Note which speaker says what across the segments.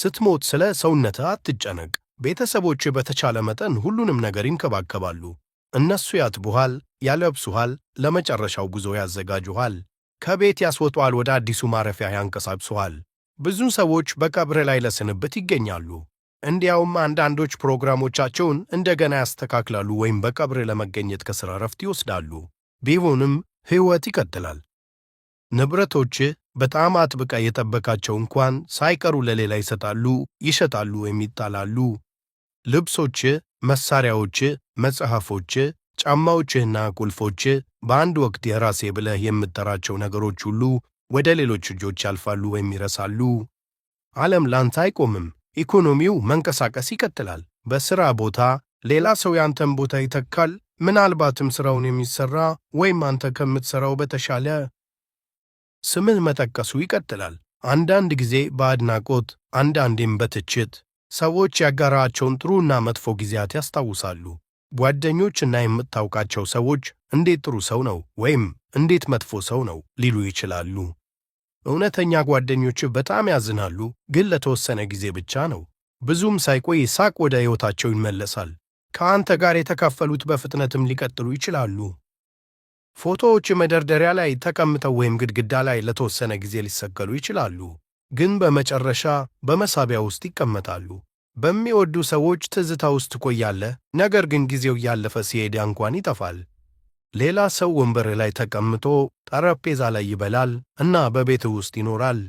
Speaker 1: ስትሞት ስለ ሰውነትህ አትጨነቅ። ቤተሰቦች በተቻለ መጠን ሁሉንም ነገር ይንከባከባሉ። እነሱ ያጥቡሃል፣ ያለብሱሃል፣ ለመጨረሻው ጉዞ ያዘጋጁሃል፣ ከቤት ያስወጧል፣ ወደ አዲሱ ማረፊያ ያንቀሳቅሱሃል። ብዙ ሰዎች በቀብር ላይ ለስንብት ይገኛሉ። እንዲያውም አንዳንዶች ፕሮግራሞቻቸውን እንደገና ያስተካክላሉ ወይም በቀብር ለመገኘት ከሥራ ረፍት ይወስዳሉ። ቢሆንም ሕይወት ይቀጥላል። ንብረቶች በጣም አጥብቃ የጠበቃቸው እንኳን ሳይቀሩ ለሌላ ይሰጣሉ፣ ይሸጣሉ ወይም ይጣላሉ። ልብሶች፣ መሳሪያዎች፣ መጽሐፎች፣ ጫማዎችህና ቁልፎች በአንድ ወቅት የራሴ ብለህ የምትጠራቸው ነገሮች ሁሉ ወደ ሌሎች እጆች ያልፋሉ ወይም ይረሳሉ። ዓለም ላንተ አይቆምም። ኢኮኖሚው መንቀሳቀስ ይቀጥላል። በሥራ ቦታ ሌላ ሰው ያንተን ቦታ ይተካል። ምናልባትም ሥራውን የሚሠራ ወይም አንተ ከምትሠራው በተሻለ ስምን መጠቀሱ ይቀጥላል። አንዳንድ ጊዜ በአድናቆት አንዳንዴም በትችት ሰዎች ያጋራቸውን ጥሩና መጥፎ ጊዜያት ያስታውሳሉ። ጓደኞችና የምታውቃቸው ሰዎች እንዴት ጥሩ ሰው ነው ወይም እንዴት መጥፎ ሰው ነው ሊሉ ይችላሉ። እውነተኛ ጓደኞች በጣም ያዝናሉ፣ ግን ለተወሰነ ጊዜ ብቻ ነው። ብዙም ሳይቆይ ሳቅ ወደ ሕይወታቸው ይመለሳል። ከአንተ ጋር የተካፈሉት በፍጥነትም ሊቀጥሉ ይችላሉ። ፎቶዎች መደርደሪያ ላይ ተቀምጠው ወይም ግድግዳ ላይ ለተወሰነ ጊዜ ሊሰቀሉ ይችላሉ፣ ግን በመጨረሻ በመሳቢያ ውስጥ ይቀመጣሉ። በሚወዱ ሰዎች ትዝታ ውስጥ ትቆያለህ፣ ነገር ግን ጊዜው እያለፈ ሲሄድ እንኳን ይጠፋል። ሌላ ሰው ወንበር ላይ ተቀምጦ ጠረጴዛ ላይ ይበላል እና በቤት ውስጥ ይኖራል።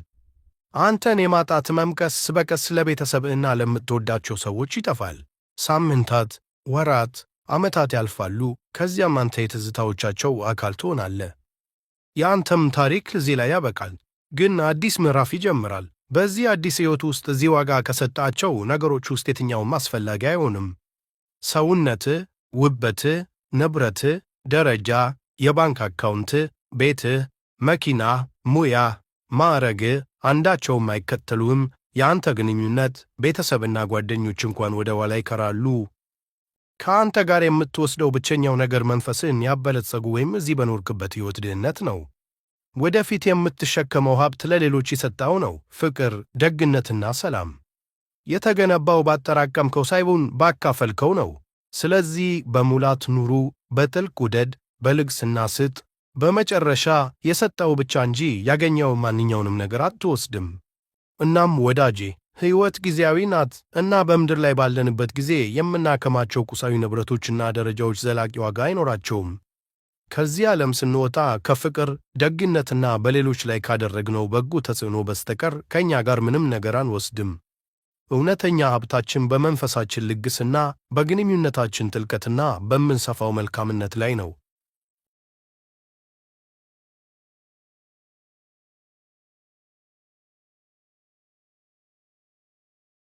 Speaker 1: አንተን የማጣት ህመም ቀስ በቀስ ለቤተሰብ እና ለምትወዳቸው ሰዎች ይጠፋል። ሳምንታት፣ ወራት ዓመታት ያልፋሉ። ከዚያም አንተ የትዝታዎቻቸው አካል ትሆናለ። የአንተም ታሪክ እዚህ ላይ ያበቃል፣ ግን አዲስ ምዕራፍ ይጀምራል። በዚህ አዲስ ሕይወት ውስጥ እዚህ ዋጋ ከሰጣቸው ነገሮች ውስጥ የትኛውም አስፈላጊ አይሆንም። ሰውነት፣ ውበት፣ ንብረት ደረጃ፣ የባንክ አካውንት፣ ቤት፣ መኪና፣ ሙያ፣ ማዕረግ አንዳቸውም አይከተሉም የአንተ ግንኙነት፣ ቤተሰብና ጓደኞች እንኳን ወደ ኋላ ይቀራሉ። ከአንተ ጋር የምትወስደው ብቸኛው ነገር መንፈስህን ያበለጸጉ ወይም እዚህ በኖርክበት ሕይወት ድህነት ነው። ወደፊት የምትሸከመው ሀብት ለሌሎች የሰጣው ነው። ፍቅር፣ ደግነትና ሰላም የተገነባው ባጠራቀምከው ሳይሆን ባካፈልከው ነው። ስለዚህ በሙላት ኑሩ፣ በጥልቅ ውደድ፣ በልግስና ስጥ። በመጨረሻ የሰጠው ብቻ እንጂ ያገኘው ማንኛውንም ነገር አትወስድም። እናም ወዳጄ ሕይወት ጊዜያዊ ናት እና በምድር ላይ ባለንበት ጊዜ የምናከማቸው ቁሳዊ ንብረቶችና ደረጃዎች ዘላቂ ዋጋ አይኖራቸውም። ከዚህ ዓለም ስንወጣ ከፍቅር ደግነትና በሌሎች ላይ ካደረግነው በጎ ተጽዕኖ በስተቀር ከእኛ ጋር ምንም ነገር አንወስድም። እውነተኛ ሀብታችን በመንፈሳችን ልግስና፣ በግንኙነታችን ጥልቀትና በምንሰፋው መልካምነት ላይ ነው።